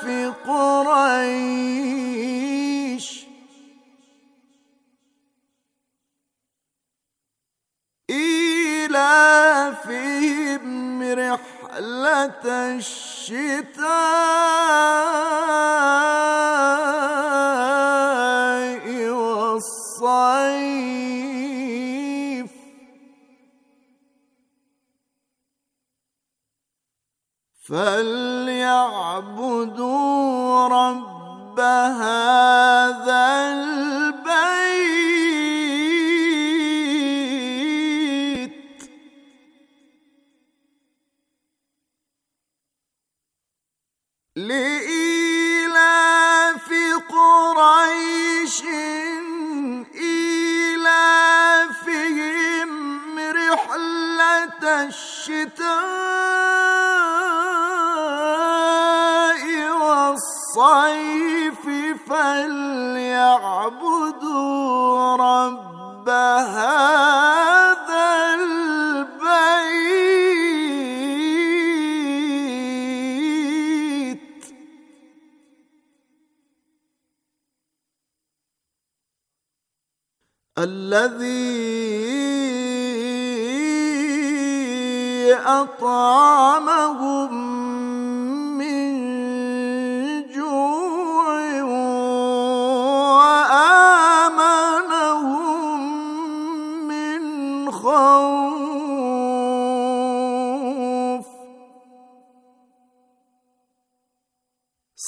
في قريش إيلافهم رحلة الشتاء والصيف فليعبدوا رب هذا البيت لإيلاف قريش إيلافهم رحلة الشتاء صيد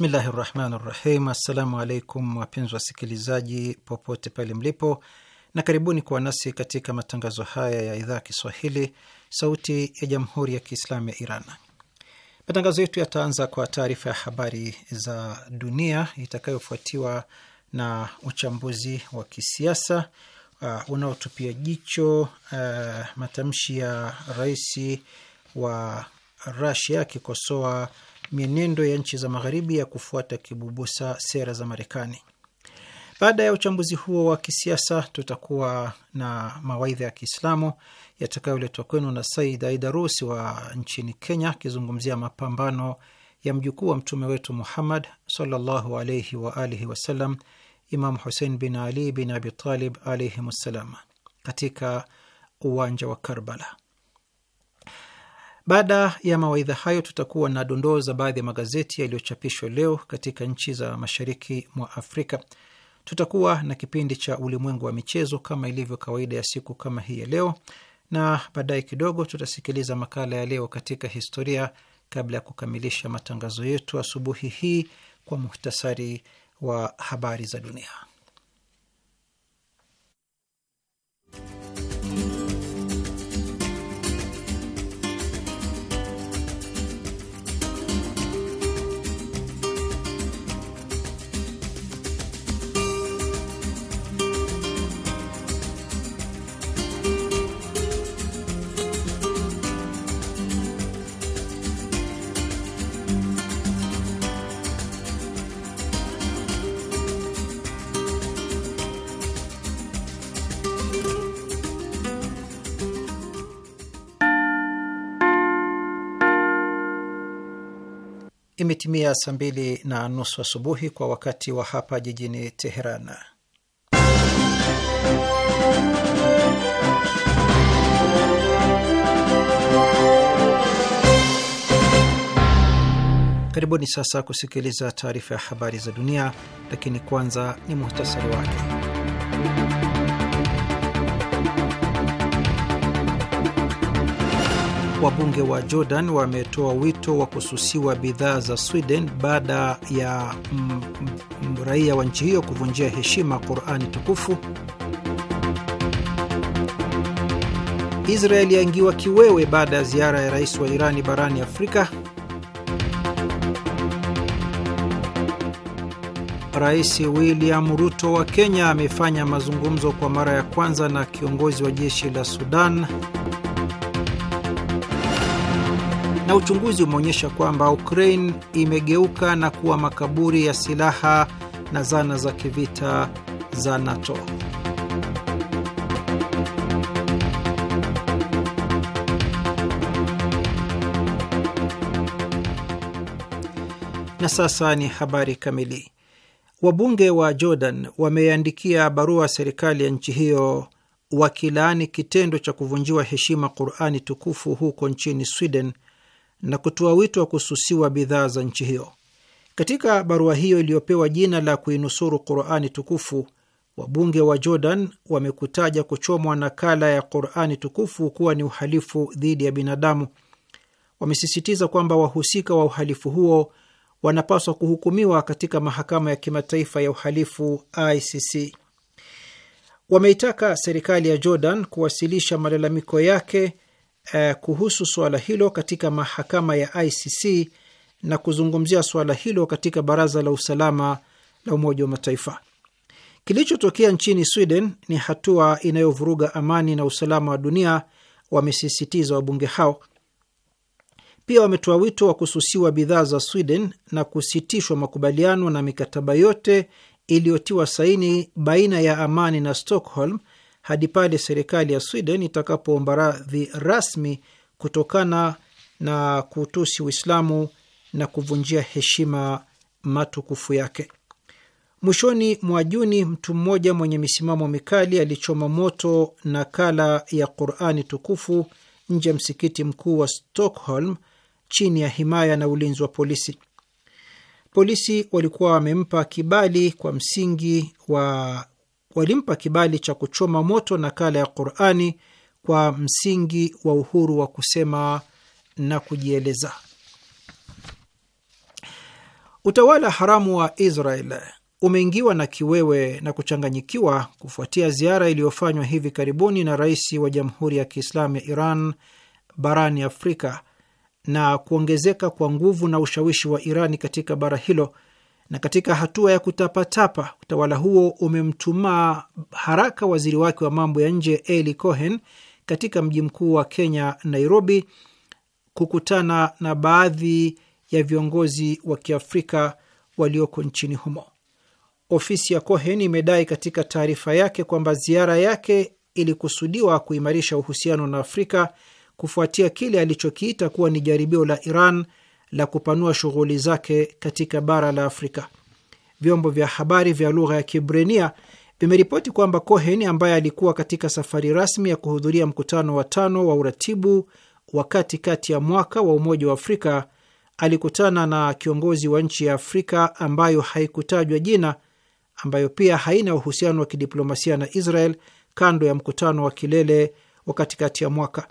Bismillahi rahmani rahim. Assalamu alaikum wapenzi wasikilizaji popote pale mlipo, na karibuni kuwa nasi katika matangazo haya ya idhaa ya Kiswahili sauti ya jamhuri ya Kiislamu ya Iran. Matangazo yetu yataanza kwa taarifa ya habari za dunia itakayofuatiwa na uchambuzi wa kisiasa uh, unaotupia jicho uh, matamshi ya rais wa Rasia akikosoa mienendo ya nchi za magharibi ya kufuata kibubusa sera za Marekani. Baada ya uchambuzi huo wa kisiasa, tutakuwa na mawaidha ya Kiislamu yatakayoletwa kwenu na Said Aidarusi wa nchini Kenya akizungumzia mapambano ya mjukuu wa mtume wetu Muhammad sallallahu alaihi wa alihi wasallam, Imam Husein bin Ali bin Abi Talib katika uwanja wa Karbala. Baada ya mawaidha hayo, tutakuwa na dondoo za baadhi ya magazeti yaliyochapishwa leo katika nchi za mashariki mwa Afrika. Tutakuwa na kipindi cha ulimwengu wa michezo kama ilivyo kawaida ya siku kama hii ya leo, na baadaye kidogo tutasikiliza makala ya leo katika historia, kabla ya kukamilisha matangazo yetu asubuhi hii kwa muhtasari wa habari za dunia. imetimia saa mbili na nusu asubuhi kwa wakati wa hapa jijini Teheran. Karibuni sasa kusikiliza taarifa ya habari za dunia, lakini kwanza ni muhtasari wake. Wabunge wa Jordan wametoa wito wa kususiwa bidhaa za Sweden baada ya raia wa nchi hiyo kuvunjia heshima Qurani tukufu. Israeli yaingiwa kiwewe baada ya ziara ya rais wa Irani barani Afrika. Rais William Ruto wa Kenya amefanya mazungumzo kwa mara ya kwanza na kiongozi wa jeshi la Sudan. na uchunguzi umeonyesha kwamba Ukraine imegeuka na kuwa makaburi ya silaha na zana za kivita za NATO. Na sasa ni habari kamili. Wabunge wa Jordan wameandikia barua serikali ya nchi hiyo wakilaani kitendo cha kuvunjiwa heshima Qurani tukufu huko nchini Sweden na kutoa wito wa kususiwa bidhaa za nchi hiyo. Katika barua hiyo iliyopewa jina la kuinusuru Qurani tukufu, wabunge wa Jordan wamekutaja kuchomwa nakala ya Qurani tukufu kuwa ni uhalifu dhidi ya binadamu. Wamesisitiza kwamba wahusika wa uhalifu huo wanapaswa kuhukumiwa katika mahakama ya kimataifa ya uhalifu ICC. Wameitaka serikali ya Jordan kuwasilisha malalamiko yake eh, kuhusu suala hilo katika mahakama ya ICC na kuzungumzia suala hilo katika baraza la usalama la Umoja wa Mataifa. Kilichotokea nchini Sweden ni hatua inayovuruga amani na usalama wa dunia, wamesisitiza wabunge hao. Pia wametoa wito wa kususiwa bidhaa za Sweden na kusitishwa makubaliano na mikataba yote iliyotiwa saini baina ya Amani na Stockholm hadi pale serikali ya Sweden itakapoomba radhi rasmi kutokana na kutusi Uislamu na kuvunjia heshima matukufu yake. Mwishoni mwa Juni, mtu mmoja mwenye misimamo mikali alichoma moto nakala ya Qurani tukufu nje ya msikiti mkuu wa Stockholm chini ya himaya na ulinzi wa polisi. Polisi walikuwa wamempa kibali kwa msingi wa walimpa kibali cha kuchoma moto nakala ya Qurani kwa msingi wa uhuru wa kusema na kujieleza. Utawala haramu wa Israel umeingiwa na kiwewe na kuchanganyikiwa kufuatia ziara iliyofanywa hivi karibuni na rais wa Jamhuri ya Kiislamu ya Iran barani Afrika na kuongezeka kwa nguvu na ushawishi wa Irani katika bara hilo na katika hatua ya kutapatapa, utawala huo umemtumaa haraka waziri wake wa mambo ya nje Eli Cohen katika mji mkuu wa Kenya, Nairobi, kukutana na baadhi ya viongozi wa Kiafrika walioko nchini humo. Ofisi ya Cohen imedai katika taarifa yake kwamba ziara yake ilikusudiwa kuimarisha uhusiano na Afrika kufuatia kile alichokiita kuwa ni jaribio la Iran la kupanua shughuli zake katika bara la Afrika. Vyombo vya habari vya lugha ya Kibrenia vimeripoti kwamba Cohen ambaye alikuwa katika safari rasmi ya kuhudhuria mkutano wa tano wa uratibu wa katikati ya mwaka wa Umoja wa Afrika alikutana na kiongozi wa nchi ya Afrika ambayo haikutajwa jina, ambayo pia haina uhusiano wa kidiplomasia na Israel, kando ya mkutano wa kilele wa katikati ya mwaka.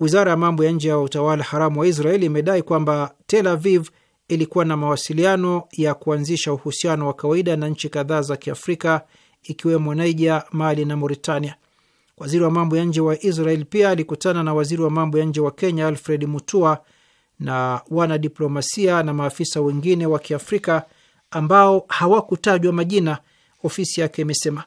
Wizara ya mambo ya nje ya utawala haramu wa Israeli imedai kwamba Tel Aviv ilikuwa na mawasiliano ya kuanzisha uhusiano wa kawaida na nchi kadhaa za Kiafrika ikiwemo Niger, Mali na Mauritania. Waziri wa mambo ya nje wa Israel pia alikutana na waziri wa mambo ya nje wa Kenya Alfred Mutua na wanadiplomasia na maafisa wengine wa Kiafrika ambao hawakutajwa majina, ofisi yake imesema.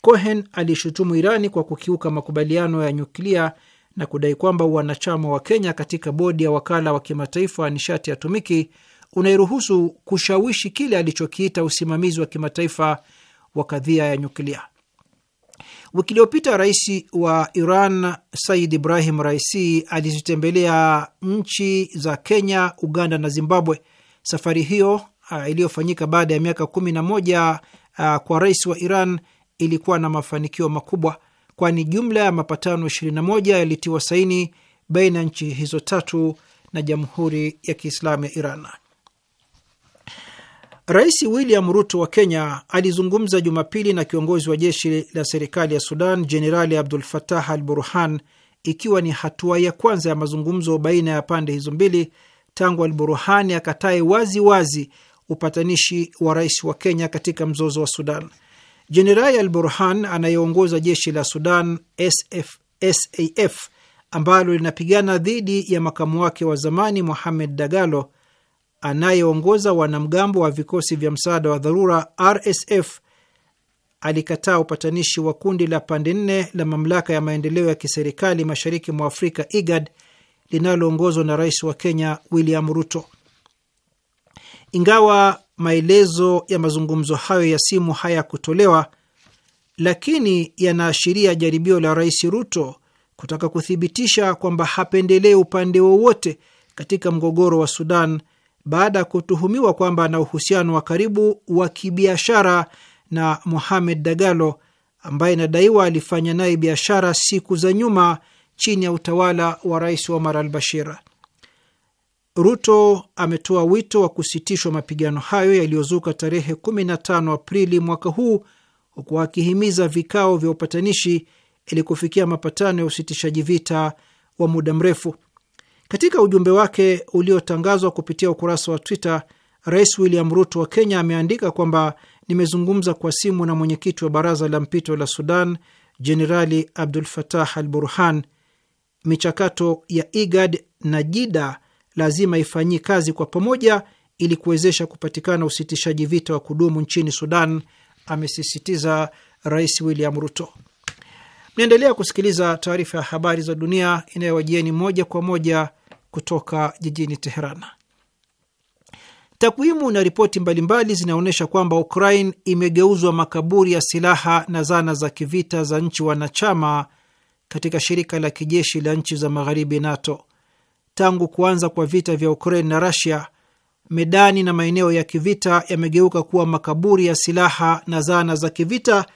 Cohen alishutumu Irani kwa kukiuka makubaliano ya nyuklia na kudai kwamba wanachama wa Kenya katika bodi ya wakala wa kimataifa wa nishati ya tumiki unairuhusu kushawishi kile alichokiita usimamizi wa kimataifa wa kadhia ya nyuklia. Wiki iliyopita rais wa Iran Said Ibrahim Raisi alizitembelea nchi za Kenya, Uganda na Zimbabwe. Safari hiyo ah, iliyofanyika baada ya miaka kumi na moja ah, kwa rais wa Iran ilikuwa na mafanikio makubwa kwani jumla ya mapatano 21 yalitiwa saini baina ya nchi hizo tatu na Jamhuri ya Kiislamu ya Iran. Rais William Ruto wa Kenya alizungumza Jumapili na kiongozi wa jeshi la serikali ya Sudan, Jenerali Abdul Fatah Al Burhan, ikiwa ni hatua ya kwanza ya mazungumzo baina ya pande hizo mbili tangu Al Burhan akatae wazi wazi upatanishi wa rais wa Kenya katika mzozo wa Sudan. Jenerali Al Burhan anayeongoza jeshi la Sudan SF, SAF ambalo linapigana dhidi ya makamu wake wa zamani Mohamed Dagalo anayeongoza wanamgambo wa vikosi vya msaada wa dharura RSF alikataa upatanishi wa kundi la pande nne la mamlaka ya maendeleo ya kiserikali mashariki mwa Afrika IGAD linaloongozwa na rais wa Kenya William Ruto. Ingawa maelezo ya mazungumzo hayo ya simu hayakutolewa, lakini yanaashiria jaribio la Rais Ruto kutaka kuthibitisha kwamba hapendelee upande wowote katika mgogoro wa Sudan baada ya kutuhumiwa kwamba ana uhusiano wa karibu wa kibiashara na Mohamed Dagalo ambaye inadaiwa alifanya naye biashara siku za nyuma chini ya utawala wa Rais Omar al-Bashir. Ruto ametoa wito wa kusitishwa mapigano hayo yaliyozuka tarehe 15 Aprili mwaka huu huku akihimiza vikao vya upatanishi ili kufikia mapatano ya usitishaji vita wa muda mrefu. Katika ujumbe wake uliotangazwa kupitia ukurasa wa Twitter, Rais William Ruto wa Kenya ameandika kwamba nimezungumza kwa simu na mwenyekiti wa baraza la mpito la Sudan, Jenerali Abdul Fatah al Burhan. Michakato ya IGAD na JIDA lazima ifanyii kazi kwa pamoja ili kuwezesha kupatikana usitishaji vita wa kudumu nchini Sudan, amesisitiza Rais William Ruto. Mnaendelea kusikiliza taarifa ya habari za dunia inayowajieni moja kwa moja kutoka jijini Teheran. Takwimu na ripoti mbalimbali zinaonyesha kwamba Ukraine imegeuzwa makaburi ya silaha na zana za kivita za nchi wanachama katika shirika la kijeshi la nchi za magharibi NATO tangu kuanza kwa vita vya Ukraine na Russia, medani na maeneo ya kivita yamegeuka kuwa makaburi ya silaha na zana za kivita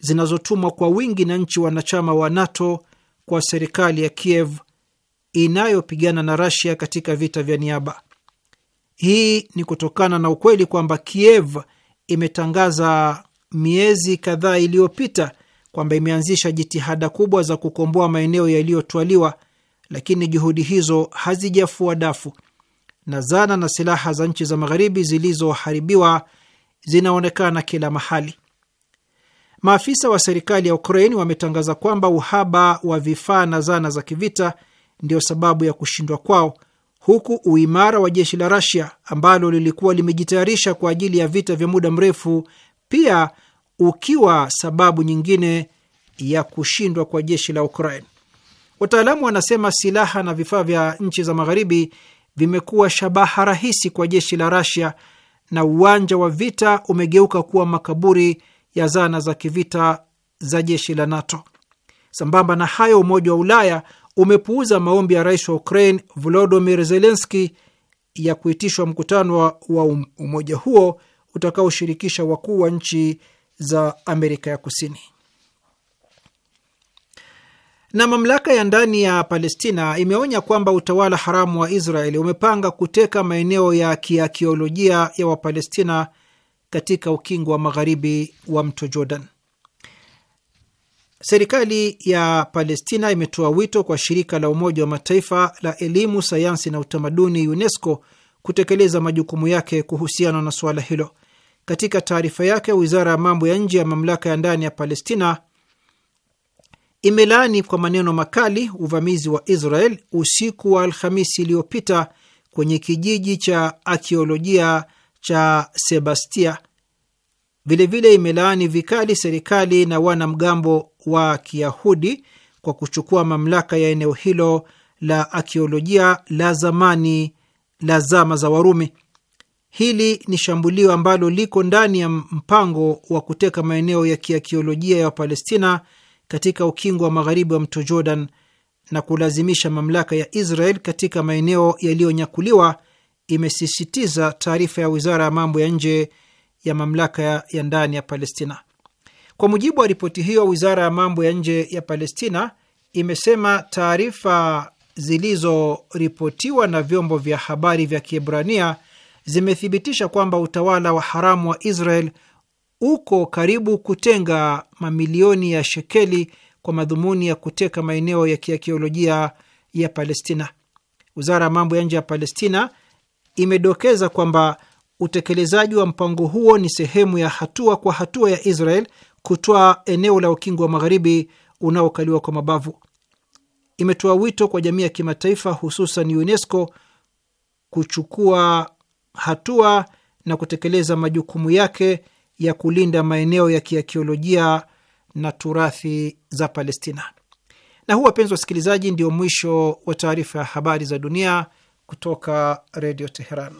zinazotumwa kwa wingi na nchi wanachama wa NATO kwa serikali ya Kiev inayopigana na Rasia katika vita vya niaba. Hii ni kutokana na ukweli kwamba Kiev imetangaza miezi kadhaa iliyopita kwamba imeanzisha jitihada kubwa za kukomboa maeneo yaliyotwaliwa lakini juhudi hizo hazijafua dafu na zana na silaha za nchi za magharibi zilizoharibiwa zinaonekana kila mahali. Maafisa wa serikali ya ukrain wametangaza kwamba uhaba wa vifaa na zana za kivita ndio sababu ya kushindwa kwao, huku uimara wa jeshi la Rasia ambalo lilikuwa limejitayarisha kwa ajili ya vita vya muda mrefu pia ukiwa sababu nyingine ya kushindwa kwa jeshi la Ukraini. Wataalamu wanasema silaha na vifaa vya nchi za magharibi vimekuwa shabaha rahisi kwa jeshi la Rasia na uwanja wa vita umegeuka kuwa makaburi ya zana za kivita za jeshi la NATO. Sambamba na hayo, Umoja wa Ulaya umepuuza maombi ya rais wa Ukraine Volodymyr Zelensky ya kuitishwa mkutano wa um, umoja huo utakaoshirikisha wakuu wa nchi za Amerika ya Kusini. Na mamlaka ya ndani ya Palestina imeonya kwamba utawala haramu wa Israeli umepanga kuteka maeneo ya kiakiolojia ya Wapalestina katika ukingo wa magharibi wa mto Jordan. Serikali ya Palestina imetoa wito kwa shirika la Umoja wa Mataifa la elimu, sayansi na utamaduni UNESCO kutekeleza majukumu yake kuhusiana na suala hilo. Katika taarifa yake, wizara ya mambo ya nje ya mamlaka ya ndani ya Palestina imelaani kwa maneno makali uvamizi wa Israel usiku wa Alhamisi iliyopita kwenye kijiji cha akiolojia cha Sebastia. Vilevile imelaani vikali serikali na wanamgambo wa Kiyahudi kwa kuchukua mamlaka ya eneo hilo la akiolojia la zamani la zama za Warumi. Hili ni shambulio ambalo liko ndani ya mpango wa kuteka maeneo ya kiakiolojia ya Wapalestina katika ukingo wa magharibi wa mto Jordan na kulazimisha mamlaka ya Israel katika maeneo yaliyonyakuliwa, imesisitiza taarifa ya wizara ya mambo ya nje ya mamlaka ya ndani ya Palestina. Kwa mujibu wa ripoti hiyo, wizara ya mambo ya nje ya Palestina imesema taarifa zilizoripotiwa na vyombo vya habari vya Kiebrania zimethibitisha kwamba utawala wa haramu wa Israel uko karibu kutenga mamilioni ya shekeli kwa madhumuni ya kuteka maeneo ya kiakiolojia ya Palestina. Wizara ya mambo ya nje ya Palestina imedokeza kwamba utekelezaji wa mpango huo ni sehemu ya hatua kwa hatua ya Israel kutoa eneo la ukingo wa magharibi unaokaliwa kwa mabavu. Imetoa wito kwa jamii ya kimataifa, hususan UNESCO kuchukua hatua na kutekeleza majukumu yake ya kulinda maeneo ya kiakiolojia na turathi za Palestina. Na huu, wapenzi wasikilizaji, ndio mwisho wa taarifa ya habari za dunia kutoka Redio Teheran.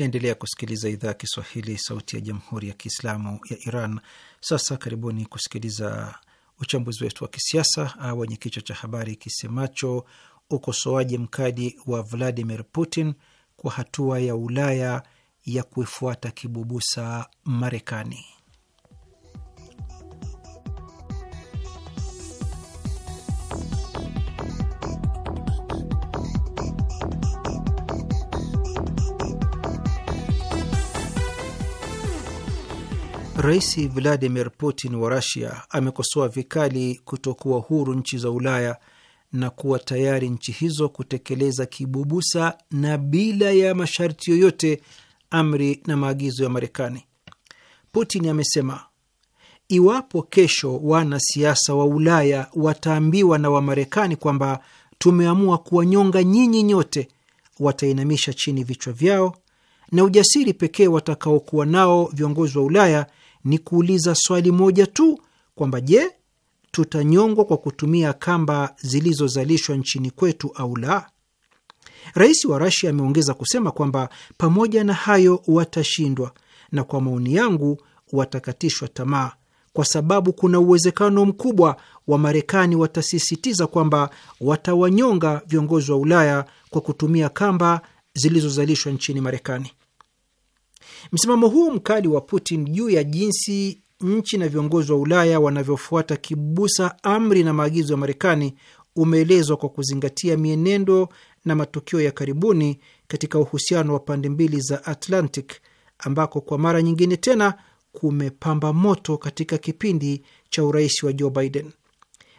Naendelea kusikiliza idhaa ya Kiswahili, sauti ya jamhuri ya kiislamu ya Iran. Sasa karibuni kusikiliza uchambuzi wetu wa kisiasa ah, wenye kichwa cha habari kisemacho ukosoaji mkali wa Vladimir Putin kwa hatua ya Ulaya ya kuifuata kibubusa Marekani. Rais Vladimir Putin wa Rusia amekosoa vikali kutokuwa huru nchi za Ulaya na kuwa tayari nchi hizo kutekeleza kibubusa na bila ya masharti yoyote amri na maagizo ya Marekani. Putin amesema iwapo kesho wanasiasa wa Ulaya wataambiwa na Wamarekani kwamba tumeamua kuwanyonga nyinyi nyote, watainamisha chini vichwa vyao, na ujasiri pekee watakaokuwa nao viongozi wa Ulaya ni kuuliza swali moja tu kwamba je, tutanyongwa kwa kutumia kamba zilizozalishwa nchini kwetu au la? Rais wa Rasia ameongeza kusema kwamba pamoja na hayo watashindwa, na kwa maoni yangu watakatishwa tamaa, kwa sababu kuna uwezekano mkubwa wa Marekani watasisitiza kwamba watawanyonga viongozi wa Ulaya kwa kutumia kamba zilizozalishwa nchini Marekani. Msimamo huu mkali wa Putin juu ya jinsi nchi na viongozi wa Ulaya wanavyofuata kibusa amri na maagizo ya Marekani umeelezwa kwa kuzingatia mienendo na matukio ya karibuni katika uhusiano wa pande mbili za Atlantic ambako kwa mara nyingine tena kumepamba moto katika kipindi cha urais wa Joe Biden.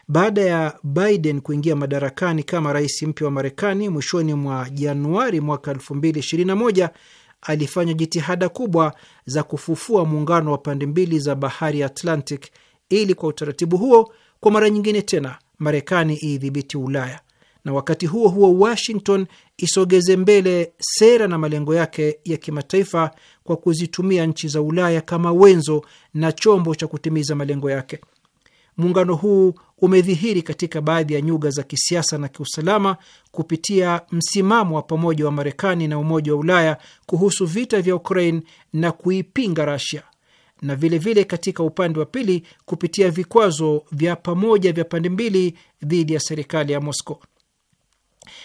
Baada ya Biden kuingia madarakani kama rais mpya wa Marekani mwishoni mwa Januari mwaka 2021, alifanya jitihada kubwa za kufufua muungano wa pande mbili za bahari ya Atlantic ili kwa utaratibu huo kwa mara nyingine tena Marekani iidhibiti Ulaya na wakati huo huo Washington isogeze mbele sera na malengo yake ya kimataifa kwa kuzitumia nchi za Ulaya kama wenzo na chombo cha kutimiza malengo yake. Muungano huu umedhihiri katika baadhi ya nyuga za kisiasa na kiusalama kupitia msimamo wa pamoja wa Marekani na Umoja wa Ulaya kuhusu vita vya Ukraine na kuipinga Russia, na vilevile vile katika upande wa pili kupitia vikwazo vya pamoja vya pande mbili dhidi ya serikali ya Moscow.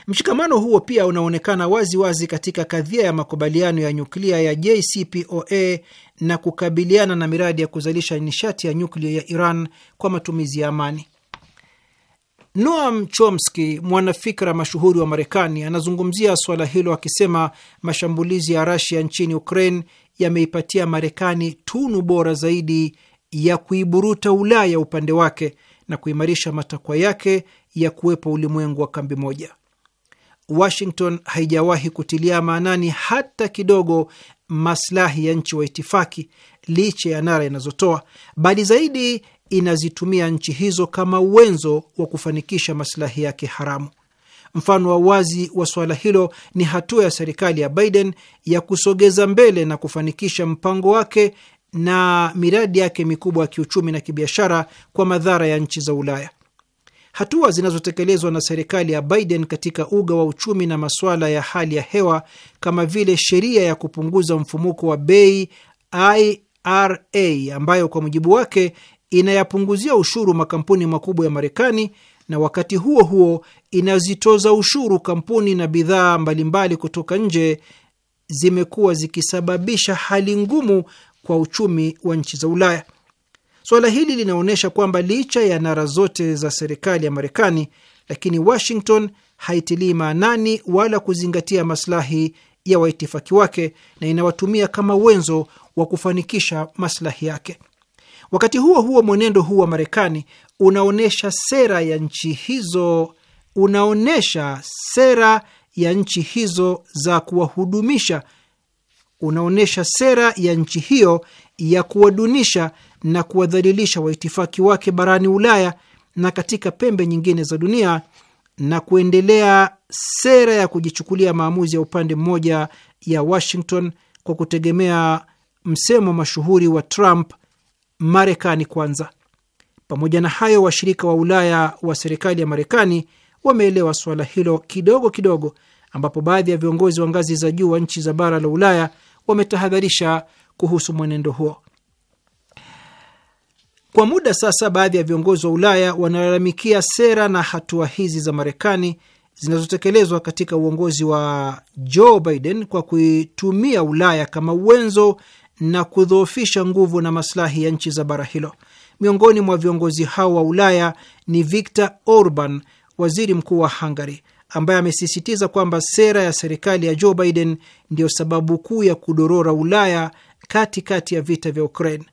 Mshikamano huo pia unaonekana wazi wazi katika kadhia ya makubaliano ya nyuklia ya JCPOA na kukabiliana na miradi ya kuzalisha nishati ya nyuklia ya Iran kwa matumizi ya amani. Noam Chomsky, mwanafikra mashuhuri wa Marekani, anazungumzia swala hilo akisema mashambulizi ya Rasia nchini Ukraine yameipatia Marekani tunu bora zaidi ya kuiburuta Ulaya upande wake na kuimarisha matakwa yake ya kuwepo ulimwengu wa kambi moja. Washington haijawahi kutilia maanani hata kidogo maslahi ya nchi wa itifaki licha ya nara inazotoa, bali zaidi inazitumia nchi hizo kama uwenzo wa kufanikisha maslahi yake haramu. Mfano wa wazi wa suala hilo ni hatua ya serikali ya Biden ya kusogeza mbele na kufanikisha mpango wake na miradi yake mikubwa ya kiuchumi na kibiashara kwa madhara ya nchi za Ulaya. Hatua zinazotekelezwa na serikali ya Biden katika uga wa uchumi na masuala ya hali ya hewa kama vile sheria ya kupunguza mfumuko wa bei IRA, ambayo kwa mujibu wake inayapunguzia ushuru makampuni makubwa ya Marekani na wakati huo huo inazitoza ushuru kampuni na bidhaa mbalimbali kutoka nje, zimekuwa zikisababisha hali ngumu kwa uchumi wa nchi za Ulaya. Suala hili linaonyesha kwamba licha ya nara zote za serikali ya Marekani, lakini Washington haitilii maanani wala kuzingatia maslahi ya waitifaki wake na inawatumia kama wenzo wa kufanikisha maslahi yake. Wakati huo huo, mwenendo huu wa Marekani unaonyesha sera ya nchi hizo unaonyesha sera ya nchi hizo za kuwahudumisha, unaonyesha sera ya nchi hiyo ya kuwadunisha na kuwadhalilisha waitifaki wake barani Ulaya na katika pembe nyingine za dunia na kuendelea sera ya kujichukulia maamuzi ya upande mmoja ya Washington kwa kutegemea msemo mashuhuri wa Trump, Marekani kwanza. Pamoja na hayo, washirika wa Ulaya wa serikali ya Marekani wameelewa suala hilo kidogo kidogo, ambapo baadhi ya viongozi wa ngazi za juu wa nchi za bara la Ulaya wametahadharisha kuhusu mwenendo huo. Kwa muda sasa, baadhi ya viongozi wa Ulaya wanalalamikia sera na hatua hizi za Marekani zinazotekelezwa katika uongozi wa Joe Biden kwa kuitumia Ulaya kama uwenzo na kudhoofisha nguvu na maslahi ya nchi za bara hilo. Miongoni mwa viongozi hao wa Ulaya ni Viktor Orban, waziri mkuu wa Hungary, ambaye amesisitiza kwamba sera ya serikali ya Joe Biden ndiyo sababu kuu ya kudorora Ulaya katikati kati ya vita vya Ukraine.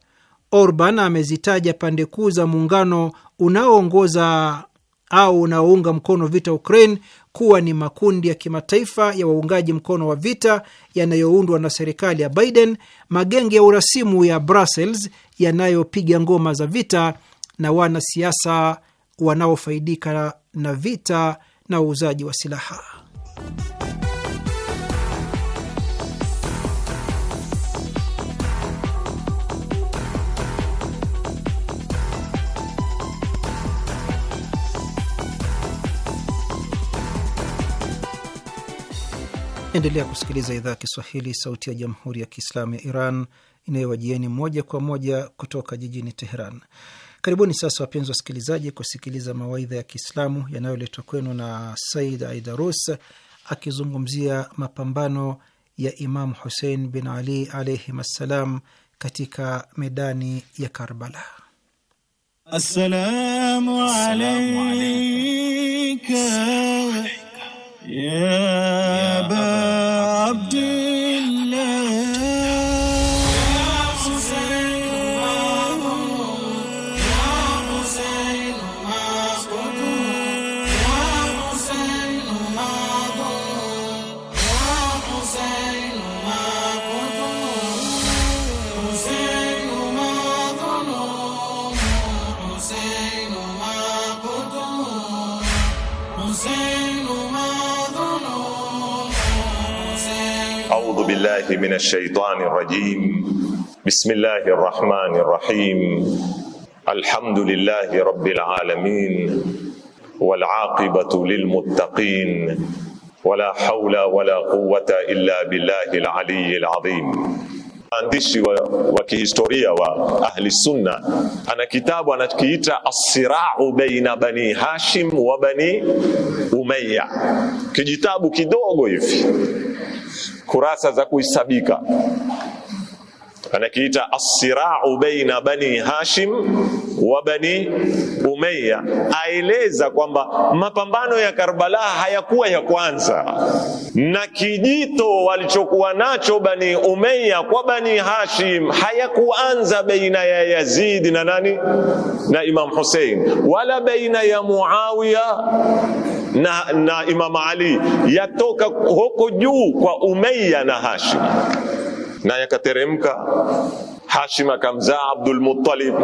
Orban amezitaja pande kuu za muungano unaoongoza au unaounga mkono vita Ukraine kuwa ni makundi ya kimataifa ya waungaji mkono wa vita yanayoundwa na serikali ya Biden, magenge ya urasimu ya Brussels yanayopiga ngoma za vita na wanasiasa wanaofaidika na vita na uuzaji wa silaha. Endelea kusikiliza idhaa ya Kiswahili, sauti ya jamhuri ya kiislamu ya Iran inayowajieni moja kwa moja kutoka jijini Teheran. Karibuni sasa wapenzi wasikilizaji, kusikiliza mawaidha ya Kiislamu yanayoletwa kwenu na Said Aidarus akizungumzia mapambano ya Imamu Husein bin Ali alaihim assalam katika medani ya Karbala. Assalamu alayka Yeah, Abba, Abba. Abba. بالله من الشيطان الرجيم بسم الله الرحمن الرحيم الحمد لله رب العالمين والعاقبة للمتقين ولا حول ولا قوة إلا بالله العلي العظيم mwandishi wa, wa kihistoria wa ahli sunna ana kitabu anakiita assirau baina bani hashim wa bani umaya kijitabu kidogo hivi kurasa za kuhesabika anakiita assirau baina bani Hashim wa bani Umayya. Aeleza kwamba mapambano ya Karbala hayakuwa ya kwanza, na kijito walichokuwa nacho bani Umayya kwa bani Hashim hayakuanza baina ya Yazid na nani na Imam Hussein, wala baina ya Muawiya na, na Imam Ali, yatoka huko juu kwa Umayya na Hashim na yakateremka Hashim akamzaa Abdul Muttalib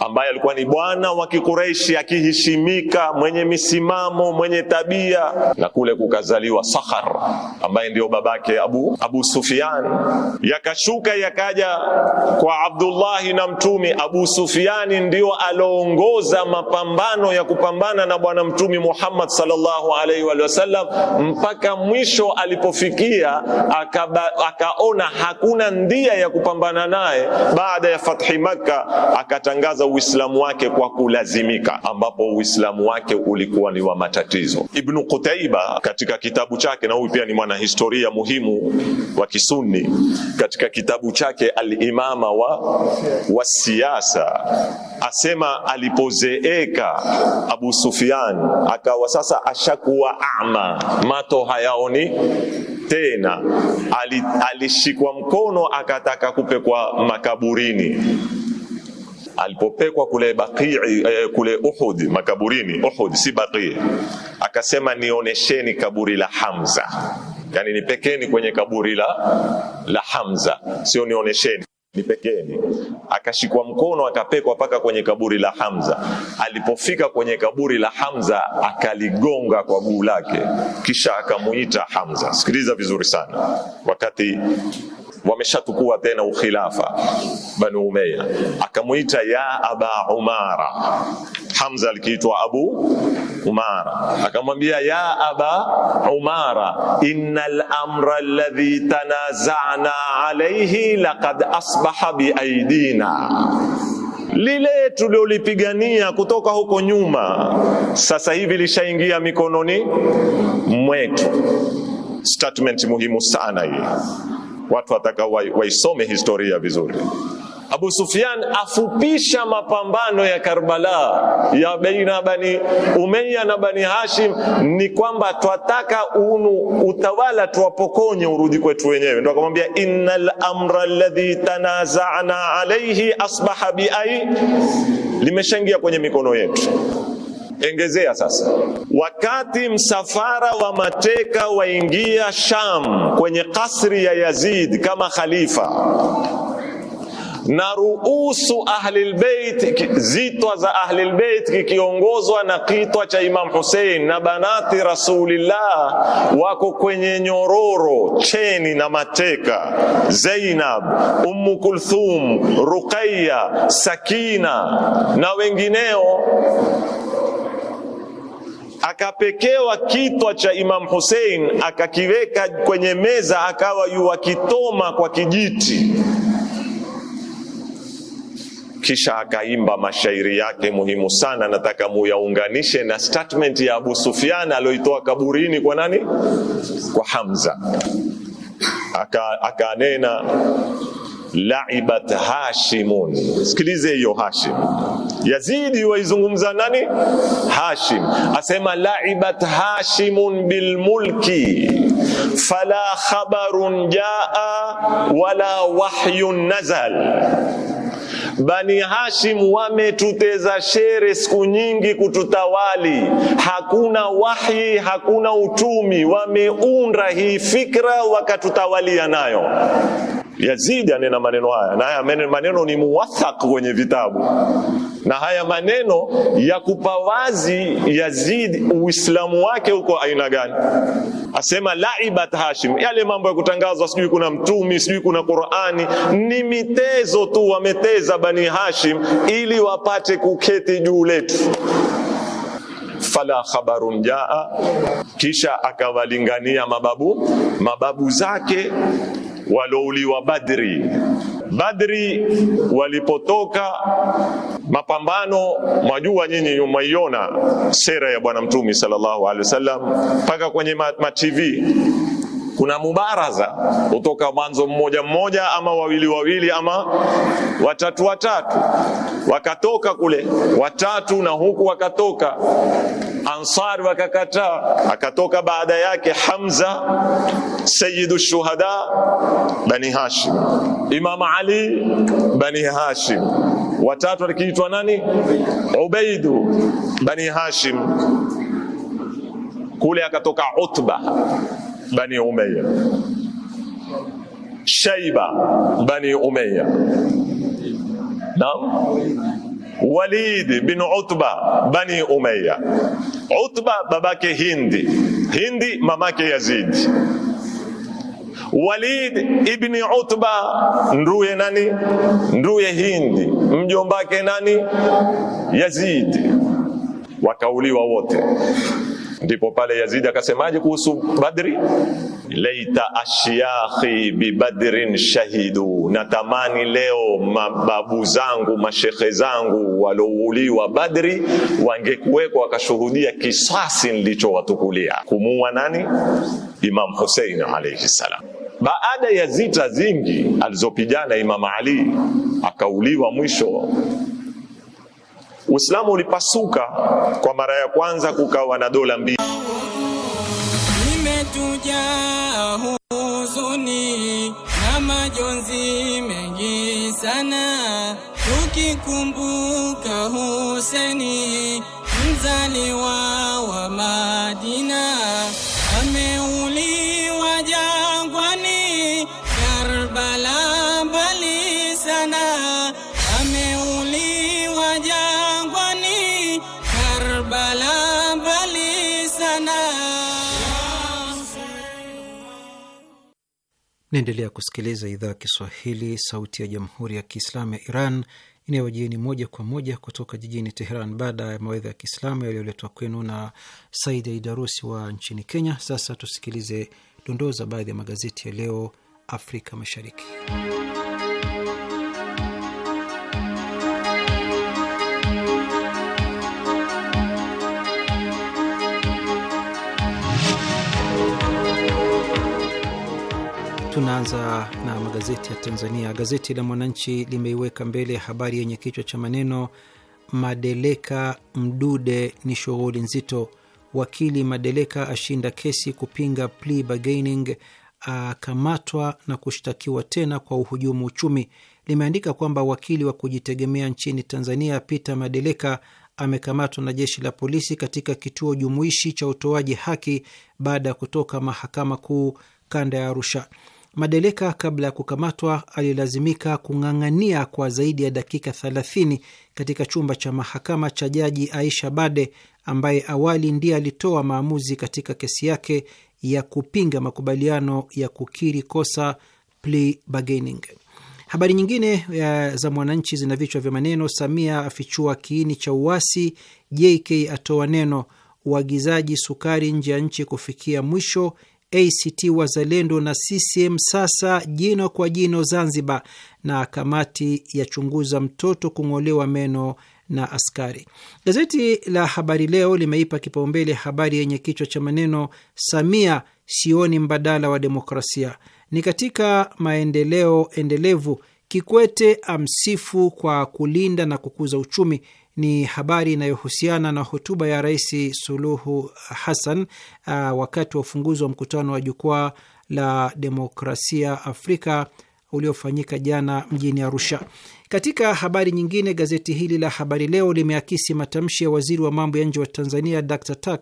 ambaye alikuwa ni bwana wa Kikureishi akihishimika mwenye misimamo, mwenye tabia, na kule kukazaliwa Sakhar ambaye ndio babake Abu, Abu Sufyan. Yakashuka yakaja kwa Abdullahi na Mtumi. Abu Sufyani ndio aloongoza mapambano ya kupambana na bwana Mtumi Muhammad sallallahu alaihi wa sallam mpaka mwisho alipofikia akaona hakuna ndia ya kupambana naye baada ya fathi Makka akatangaza Uislamu wake kwa kulazimika, ambapo Uislamu wake ulikuwa ni wa matatizo. Ibnu Qutaiba katika kitabu chake, na huyu pia ni mwanahistoria muhimu wa Kisunni, katika kitabu chake alimama wa, wa siasa asema alipozeeka Abu Sufyan akawa sasa ashakuwa ama, mato hayaoni tena, alishikwa mkono akataka kupekwa makaburi makaburini alipopekwa kule Baqi eh, kule Uhud makaburini Uhud, si Baqi. Akasema, nionesheni kaburi la Hamza, yani nipekeni kwenye kaburi la, la Hamza, sio nionesheni nipekeni. Akashikwa mkono akapekwa mpaka kwenye kaburi la Hamza. Alipofika kwenye kaburi la Hamza akaligonga kwa guu lake, kisha akamuita Hamza. Sikiliza vizuri sana, wakati wameshatukua tena ukhilafa Banu Umeya, akamwita ya Aba Umara. Hamza alikiitwa Abu Umara, akamwambia ya Aba Umara, innal amra alladhi tanaza'na alayhi laqad asbaha biaidina lile tuliolipigania kutoka huko nyuma sasa hivi lishaingia mikononi mwetu. Statement muhimu sana hii watu wataka waisome historia vizuri. Abu Sufyan afupisha mapambano ya Karbala ya baina Bani Umayya na Bani Hashim, ni kwamba twataka unu utawala tuwapokonye urudi kwetu wenyewe. Ndio akamwambia innal amra alladhi tanaza'na alayhi asbaha bi ay, limeshangia kwenye mikono yetu. Engezea sasa, wakati msafara wa mateka waingia Sham kwenye kasri ya Yazid kama khalifa na ruusu ahlilbeit zitwa za ahlilbeit kikiongozwa na kitwa cha Imam Hussein na banati Rasulillah wako kwenye nyororo cheni na mateka: Zainab, Ummu Kulthum, Ruqayya, Sakina na wengineo akapekewa kitwa cha Imam Hussein akakiweka kwenye meza, akawa yuwakitoma kwa kijiti, kisha akaimba mashairi yake muhimu sana. Nataka muyaunganishe na statement ya Abu Sufyan aliyoitoa kaburini kwa nani? Kwa Hamza. Akanena aka laibat Hashimun. Sikilize hiyo Hashim. Yazidi waizungumza nani? Hashim asema laibat Hashimun bilmulki fala khabarun jaa wala wahyun nazal Bani Hashim wametuteza shere siku nyingi kututawali, hakuna wahi hakuna utumi, wameunda hii fikra wakatutawalia nayo. Yazidi anena maneno haya, na haya maneno ni muwathaq kwenye vitabu, na haya maneno ya kupawazi yazid Uislamu wake uko aina gani? Asema laibat Hashim, yale mambo ya kutangazwa sijui kuna mtumi sijui kuna Qurani ni mitezo tu, wameteza Bani Hashim ili wapate kuketi juu letu fala khabarun jaa, kisha akawalingania mababu mababu zake walouliwa Badri. Badri walipotoka mapambano, mwajua nyinyi, mwaiona sera ya Bwana Mtume sallallahu alaihi wasallam mpaka kwenye ma, ma TV kuna mubaraza kutoka mwanzo mmoja mmoja ama wawili wawili ama watatu watatu, wakatoka kule watatu na huku wakatoka ansari wakakataa, akatoka baada yake Hamza sayyidu shuhada bani Hashim, Imam Ali bani Hashim, watatu alikiitwa nani? Ubaidu bani Hashim. Kule akatoka Utba Bani Umayya, Shaiba Bani Umayya, naam Walid bin Utba Bani Umayya. Utba babake Hindi, Hindi mamake Yazid. Walid ibni Utba nduye nani? Nduye Hindi, mjombake nani? Yazid. Wakauliwa wote. Ndipo pale Yazidi akasemaje kuhusu Badri, laita ashyakhi bibadrin shahidu, natamani leo mababu zangu mashekhe zangu walouliwa Badri wangekuwekwa wakashuhudia kisasi nilichowatukulia kumuua nani, Imam Husein alaihi salam. Baada ya zita zingi alizopigana Imam Ali akauliwa mwisho Uislamu ulipasuka kwa mara ya kwanza, kukawa na dola mbili. imetuja huzuni na majonzi mengi sana, tukikumbuka Huseni mzaliwa wa Madina. Naendelea kusikiliza idhaa Kiswahili, sauti ya jamhuri ya kiislamu ya Iran inayojieni moja kwa moja kutoka jijini Teheran. Baada ya mawaidha ya Kiislamu yaliyoletwa kwenu na Said Aidarusi wa nchini Kenya, sasa tusikilize dondoo za baadhi ya magazeti ya leo Afrika Mashariki. Tunaanza na magazeti ya Tanzania. Gazeti la Mwananchi limeiweka mbele ya habari yenye kichwa cha maneno Madeleka Mdude ni shughuli nzito. Wakili Madeleka ashinda kesi kupinga plea bargaining, akamatwa na kushtakiwa tena kwa uhujumu uchumi. Limeandika kwamba wakili wa kujitegemea nchini Tanzania Peter Madeleka amekamatwa na jeshi la polisi katika kituo jumuishi cha utoaji haki baada ya kutoka mahakama kuu kanda ya Arusha. Madeleka kabla ya kukamatwa alilazimika kung'ang'ania kwa zaidi ya dakika 30 katika chumba cha mahakama cha jaji Aisha Bade ambaye awali ndiye alitoa maamuzi katika kesi yake ya kupinga makubaliano ya kukiri kosa plea bargaining. Habari nyingine eh, za Mwananchi zina vichwa vya maneno: Samia afichua kiini cha uasi, JK atoa neno, uagizaji sukari nje ya nchi kufikia mwisho, ACT Wazalendo na CCM sasa jino kwa jino Zanzibar, na kamati yachunguza mtoto kung'olewa meno na askari. Gazeti la Habari Leo limeipa kipaumbele habari yenye kichwa cha maneno Samia, sioni mbadala wa demokrasia, ni katika maendeleo endelevu. Kikwete amsifu kwa kulinda na kukuza uchumi ni habari inayohusiana na hotuba ya Rais Suluhu Hassan uh, wakati wa ufunguzi wa mkutano wa jukwaa la demokrasia Afrika uliofanyika jana mjini Arusha. Katika habari nyingine, gazeti hili la Habari Leo limeakisi matamshi ya waziri wa mambo ya nje wa Tanzania Dr Tax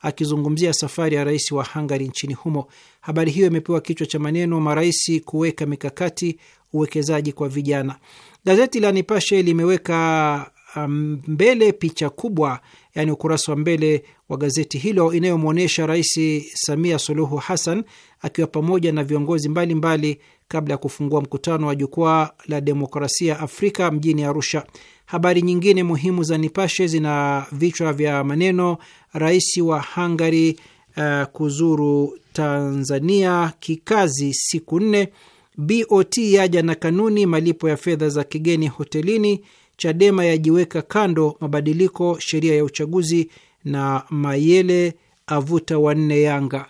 akizungumzia safari ya rais wa Hungary nchini humo. Habari hiyo imepewa kichwa cha maneno marais kuweka mikakati uwekezaji kwa vijana. Gazeti la Nipashe limeweka Um, mbele picha kubwa, yaani ukurasa wa mbele wa gazeti hilo inayomwonyesha Rais Samia Suluhu Hassan akiwa pamoja na viongozi mbalimbali mbali, kabla ya kufungua mkutano wa Jukwaa la Demokrasia Afrika mjini Arusha. Habari nyingine muhimu za Nipashe zina vichwa vya maneno: Rais wa Hungary uh, kuzuru Tanzania kikazi siku nne, BOT yaja na kanuni malipo ya fedha za kigeni hotelini Chadema yajiweka kando mabadiliko sheria ya uchaguzi na Mayele avuta wanne Yanga.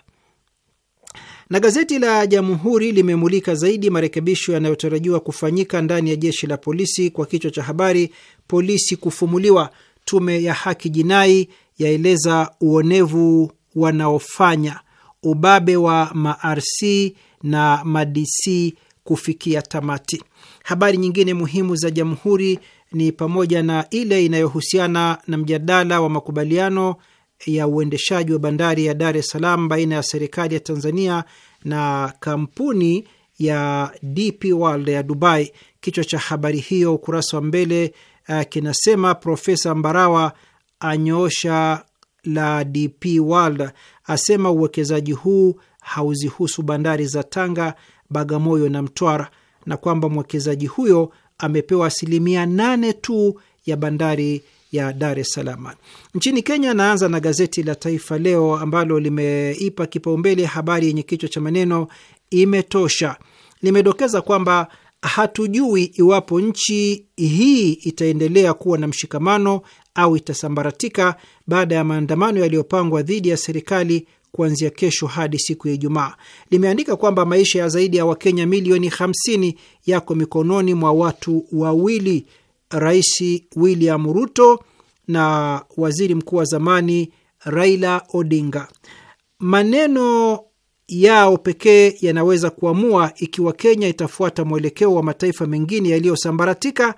Na gazeti la Jamhuri limemulika zaidi marekebisho yanayotarajiwa kufanyika ndani ya jeshi la polisi kwa kichwa cha habari, polisi kufumuliwa, tume ya haki jinai yaeleza uonevu wanaofanya, ubabe wa marc na madc kufikia tamati. Habari nyingine muhimu za Jamhuri ni pamoja na ile inayohusiana na mjadala wa makubaliano ya uendeshaji wa bandari ya Dar es Salaam baina ya serikali ya Tanzania na kampuni ya DP World ya Dubai. Kichwa cha habari hiyo ukurasa wa mbele uh, kinasema Profesa Mbarawa anyoosha la DP World, asema uwekezaji huu hauzihusu bandari za Tanga, Bagamoyo na Mtwara, na kwamba mwekezaji huyo amepewa asilimia nane tu ya bandari ya Dar es Salaam. Nchini Kenya, anaanza na gazeti la Taifa Leo ambalo limeipa kipaumbele habari yenye kichwa cha maneno imetosha. Limedokeza kwamba hatujui iwapo nchi hii itaendelea kuwa na mshikamano au itasambaratika baada ya maandamano yaliyopangwa dhidi ya serikali kuanzia kesho hadi siku ya Ijumaa. Limeandika kwamba maisha ya zaidi ya Wakenya milioni 50 yako mikononi mwa watu wawili, Rais William Ruto na waziri mkuu wa zamani Raila Odinga. Maneno yao pekee yanaweza kuamua ikiwa Kenya itafuata mwelekeo wa mataifa mengine yaliyosambaratika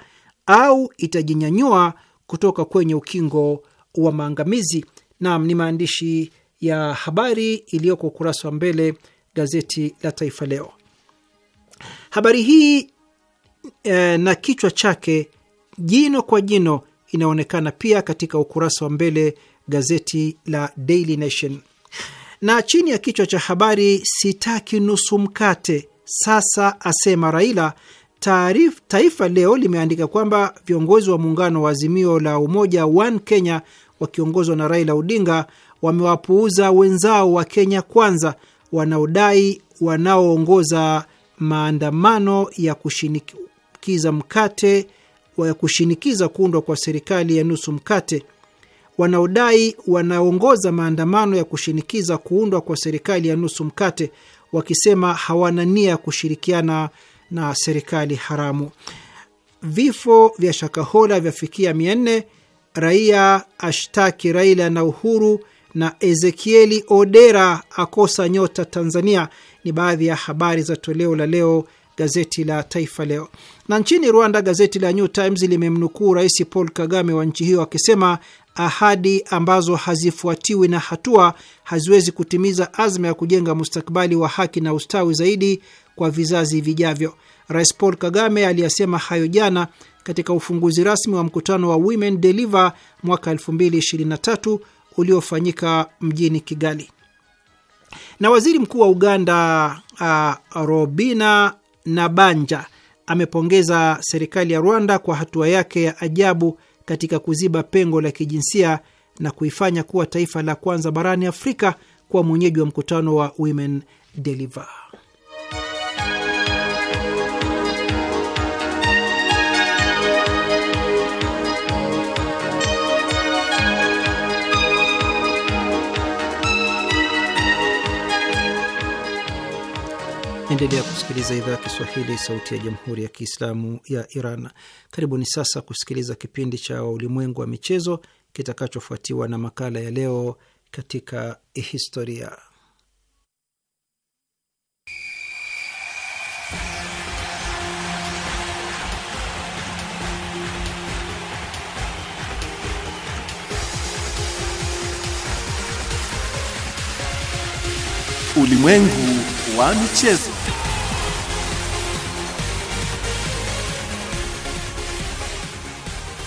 au itajinyanyua kutoka kwenye ukingo wa maangamizi. Naam, ni maandishi ya habari iliyoko ukurasa wa mbele gazeti la Taifa Leo. Habari hii e, na kichwa chake jino kwa jino inaonekana pia katika ukurasa wa mbele gazeti la Daily Nation, na chini ya kichwa cha habari sitaki nusu mkate sasa asema Raila. Taarif, Taifa Leo limeandika kwamba viongozi wa muungano wa Azimio la Umoja One Kenya wakiongozwa na Raila Odinga wamewapuuza wenzao wa Kenya Kwanza wanaodai wanaoongoza maandamano ya kushinikiza mkate wa kushinikiza kuundwa kwa serikali ya nusu mkate wanaodai wanaongoza maandamano ya kushinikiza kuundwa kwa serikali ya nusu mkate wakisema hawana nia ya kushirikiana na serikali haramu. Vifo vya Shakahola vyafikia mia nne. Raia ashtaki Raila na Uhuru na Ezekieli Odera akosa nyota Tanzania, ni baadhi ya habari za toleo la leo gazeti la Taifa Leo. Na nchini Rwanda, gazeti la New Times limemnukuu Rais Paul Kagame wa nchi hiyo akisema ahadi ambazo hazifuatiwi na hatua haziwezi kutimiza azma ya kujenga mustakabali wa haki na ustawi zaidi kwa vizazi vijavyo. Rais Paul Kagame aliyasema hayo jana katika ufunguzi rasmi wa mkutano wa Women Deliver mwaka uliofanyika mjini Kigali. Na waziri mkuu wa Uganda uh, Robina Nabanja amepongeza serikali ya Rwanda kwa hatua yake ya ajabu katika kuziba pengo la kijinsia na kuifanya kuwa taifa la kwanza barani Afrika kuwa mwenyeji wa mkutano wa Women Deliver. endelea kusikiliza idhaa ya Kiswahili, sauti ya jamhuri ya kiislamu ya Iran. Karibuni sasa kusikiliza kipindi cha ulimwengu wa michezo kitakachofuatiwa na makala ya leo katika historia. Ulimwengu wa michezo.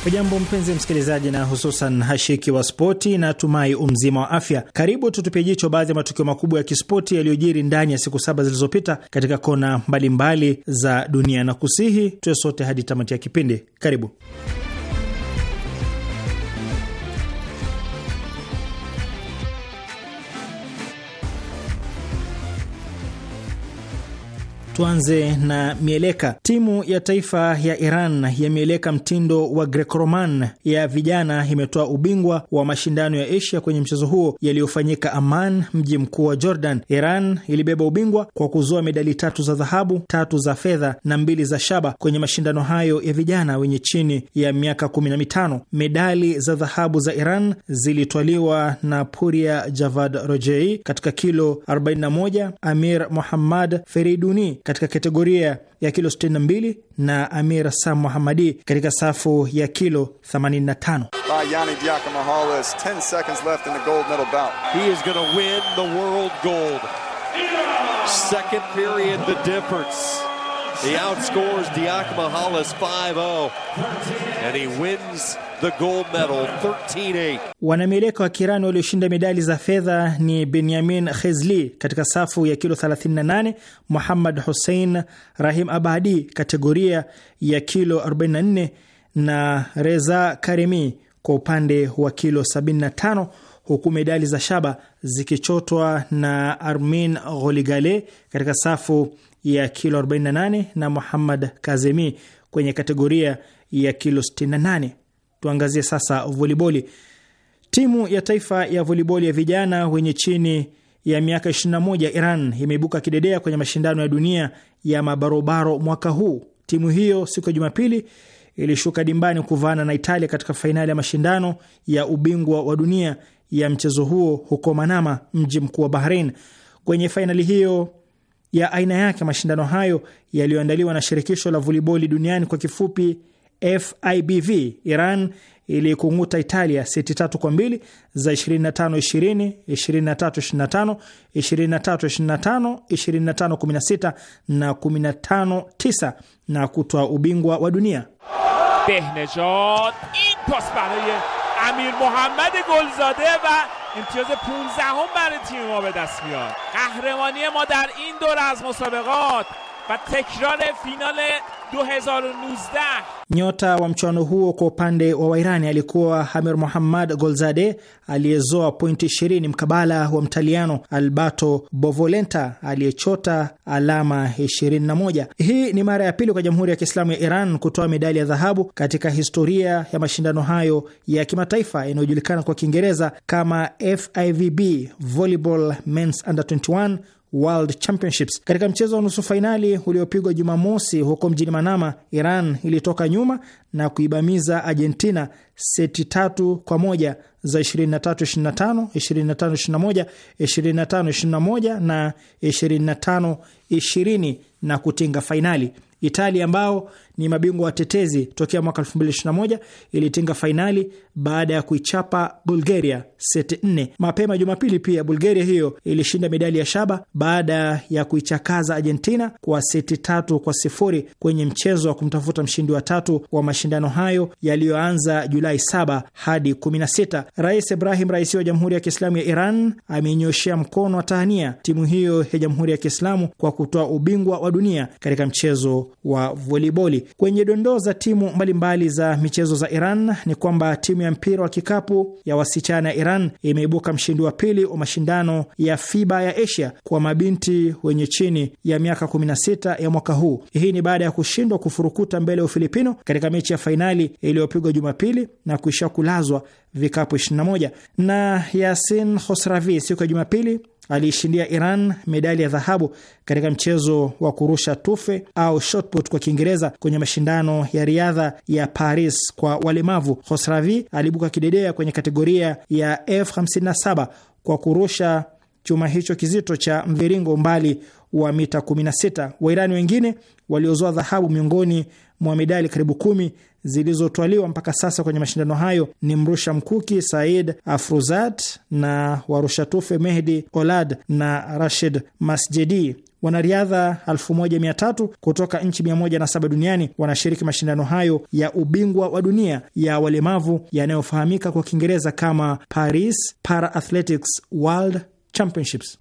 Hujambo mpenzi msikilizaji, na hususan hashiki wa spoti, na tumai umzima wa afya. Karibu tutupie jicho baadhi ya matukio makubwa ya kispoti yaliyojiri ndani ya siku saba zilizopita katika kona mbalimbali mbali za dunia, na kusihi tuwe sote hadi tamati ya kipindi. Karibu. Tuanze na mieleka. Timu ya taifa ya Iran ya mieleka mtindo wa Greco-Roman ya vijana imetoa ubingwa wa mashindano ya Asia kwenye mchezo huo yaliyofanyika Amman, mji mkuu wa Jordan. Iran ilibeba ubingwa kwa kuzoa medali tatu za dhahabu, tatu za fedha na mbili za shaba kwenye mashindano hayo ya vijana wenye chini ya miaka 1mitano Medali za dhahabu za Iran zilitwaliwa na Puria Javad Rojei katika kilo 41, Amir Muhammad Feriduni katika kategoria ya kilo 62 na Amir Sam Muhamadi katika safu ya kilo 85. Second period, the difference. He outscores Diakma Hollis 5-0 and he wins the gold medal 13-8. Wanamieleka wa Kirani walioshinda medali za fedha ni Benyamin Khezli katika safu ya kilo 38, Muhammad Hussein Rahim Abadi kategoria ya kilo 44 na Reza Karimi kwa upande wa kilo 75 huku medali za shaba zikichotwa na Armin Goligale katika safu ya kilo 48 na Muhammad Kazemi kwenye kategoria ya kilo 68. Tuangazie sasa voliboli. Timu ya taifa ya voliboli ya vijana wenye chini ya miaka 21 Iran imeibuka kidedea kwenye mashindano ya dunia ya mabarobaro mwaka huu. Timu hiyo siku ya Jumapili ilishuka dimbani kuvaana na Italia katika fainali ya mashindano ya ubingwa wa dunia ya mchezo huo huko Manama, mji mkuu wa Bahrain. Kwenye fainali hiyo ya aina yake mashindano hayo yaliyoandaliwa na shirikisho la voliboli duniani kwa kifupi FIBV, Iran ilikung'uta Italia seti tatu kwa mbili za 25 20, 23 25, 23 25, 25 16 25, na 15 9 na kutoa ubingwa wa dunia. Behnejad in pas baraye Amir Mohammad Golzade va امتیاز 15 هم برای تیم ما به دست میاد قهرمانی ما در این دور از مسابقات و تکرار فینال 2019. Nyota wa mchuano huo kwa upande wa Wairani alikuwa hamir Muhammad Golzade aliyezoa pointi 20 mkabala wa Mtaliano Albato Bovolenta aliyechota alama 21. Hii ni mara ya pili kwa Jamhuri ya Kiislamu ya Iran kutoa medali ya dhahabu katika historia ya mashindano hayo ya kimataifa yanayojulikana kwa Kiingereza kama FIVB Volleyball Men's Under 21 World Championships. Katika mchezo wa nusu fainali uliopigwa Jumamosi huko mjini Manama, Iran ilitoka nyuma na kuibamiza Argentina seti tatu kwa moja za 23-25, 25-21, 25-21 na 25-20 na kutinga fainali. Italia ambao ni mabingwa watetezi tokea mwaka 2021 ilitinga fainali baada ya kuichapa Bulgaria seti 4. Mapema Jumapili pia Bulgaria hiyo ilishinda medali ya shaba baada ya kuichakaza Argentina kwa seti tatu kwa sifuri kwenye mchezo wa kumtafuta mshindi wa tatu wa mashindano hayo yaliyoanza Julai 7 hadi 16. Rais Ibrahim Raisi wa Jamhuri ya Kiislamu ya Iran ameinyoshea mkono wa tahania timu hiyo ya Jamhuri ya Kiislamu kwa kutoa ubingwa wa dunia katika mchezo wa voliboli. Kwenye dondoo za timu mbalimbali mbali za michezo za Iran ni kwamba timu ya mpira wa kikapu ya wasichana ya Iran imeibuka mshindi wa pili wa mashindano ya FIBA ya Asia kwa mabinti wenye chini ya miaka 16 ya mwaka huu. Hii ni baada ya kushindwa kufurukuta mbele ya Ufilipino katika mechi ya fainali iliyopigwa Jumapili na kuisha kulazwa vikapu 21 na Yasin Khosravi siku ya Jumapili aliishindia Iran medali ya dhahabu katika mchezo wa kurusha tufe au shotput kwa Kiingereza kwenye mashindano ya riadha ya Paris kwa walemavu. hosravi aliibuka kidedea kwenye kategoria ya F57 kwa kurusha chuma hicho kizito cha mviringo umbali wa mita 16. Wairani wengine waliozoa dhahabu miongoni mwa medali karibu kumi zilizotwaliwa mpaka sasa kwenye mashindano hayo ni mrusha mkuki Said Afruzat na warushatufe Mehdi Olad na Rashid Masjedi. Wanariadha 1300 kutoka nchi 107 duniani wanashiriki mashindano hayo ya ubingwa wa dunia ya walemavu yanayofahamika kwa Kiingereza kama Paris Para Athletics World Championships.